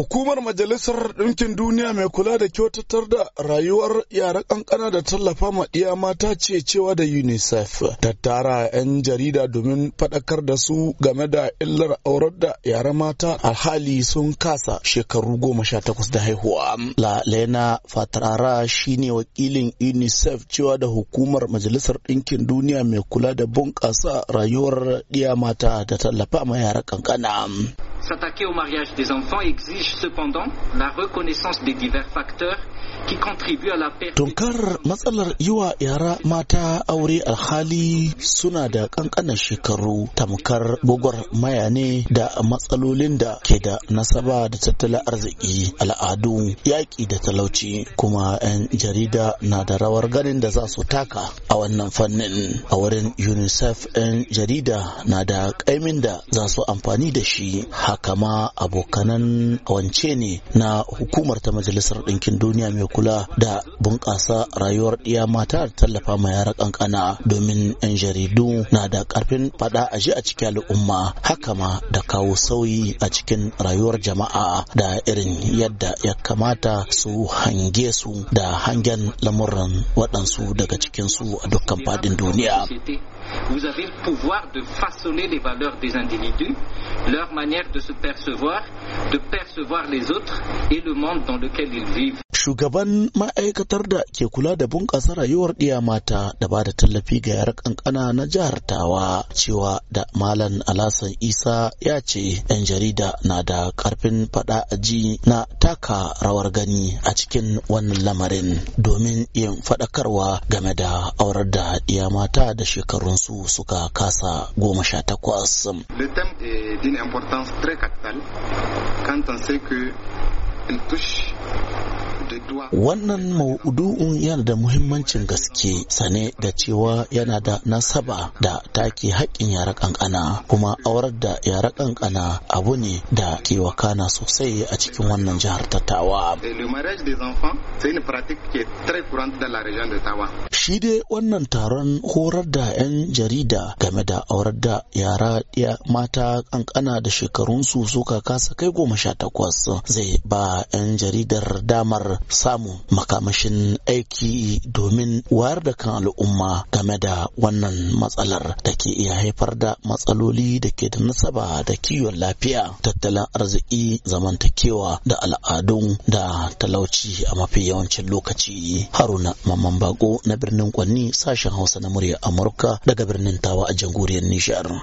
Hukumar Majalisar Ɗinkin Duniya mai kula da kyautatar da rayuwar yara ƙanƙana da tallafa ma iya mata ce cewa da UNICEF ta tara 'yan jarida domin faɗakar da su game da illar aurar da yara mata alhali sun kasa shekaru goma sha takwas da haihuwa. La Lena Fatarara shi ne wakilin UNICEF cewa da Hukumar Majalisar Ɗinkin Duniya mai kula da bunƙasa rayuwar iya mata da tallafa ma yara ƙanƙana. S'attaquer au mariage des enfants exige cependant la reconnaissance des divers facteurs Tunkar matsalar yi wa yara mata aure alhali suna da ƙanƙanan shekaru tamkar bugar maya ne da matsalolin da ke da nasaba da tattalin arziki al'adu yaƙi da talauci kuma 'yan jarida na da rawar ganin da za su taka a wannan fannin a wurin unicef 'yan jarida na da ƙaimin da za su amfani da shi haka ma abokanan wance ne na hukumar ta majalisar ɗinkin duniya mai kula da bunƙasa rayuwar ɗiya mata da tallafa ma yara ƙanƙana domin 'yan jaridu na da ƙarfin faɗa a ji a cikin al'umma haka ma da kawo sauyi a cikin rayuwar jama'a da irin yadda ya kamata su hange su da hangen lamuran waɗansu daga cikinsu a dukkan faɗin duniya. Vous avez le pouvoir de façonner les valeurs des individus, leur manière de se percevoir, de percevoir les autres et le monde dans lequel ils vivent. Shugaban ma'aikatar da ke kula da bunƙasa rayuwar ɗiya mata da ba da tallafi ga yar ƙanƙana na jihar Tawa cewa da Malam Alasan Isa ya ce 'yan jarida na da ƙarfin faɗa a ji na taka rawar gani a cikin wannan lamarin domin yin faɗakarwa game da aurar da ɗiya mata da shekarun su suka kasa goma sha takwas. Le thème est d'une importance très capitale quand on sait que il touche Wannan maudu'un yana da muhimmancin gaske sane da cewa yana da nasaba da take haƙƙin yara ƙanƙana kuma aurar da yara ƙanƙana abu ne da ke wakana sosai a cikin wannan jihar Tattawa. Shi dai wannan taron horar da 'yan jarida game da aurar da yara mata ƙanƙana da shekarunsu suka kasa kai goma sha takwas zai ba 'yan jaridar damar samun makamashin aiki domin wayar da kan al'umma game da wannan matsalar da ke iya haifar da matsaloli da ke da nasaba da kiwon lafiya tattalin arziki zamantakewa da al'adun da talauci a mafi yawancin lokaci haruna mamman bako na birnin kwanni sashen hausa na murya amurka daga birnin tawa a jamhuriyar nishar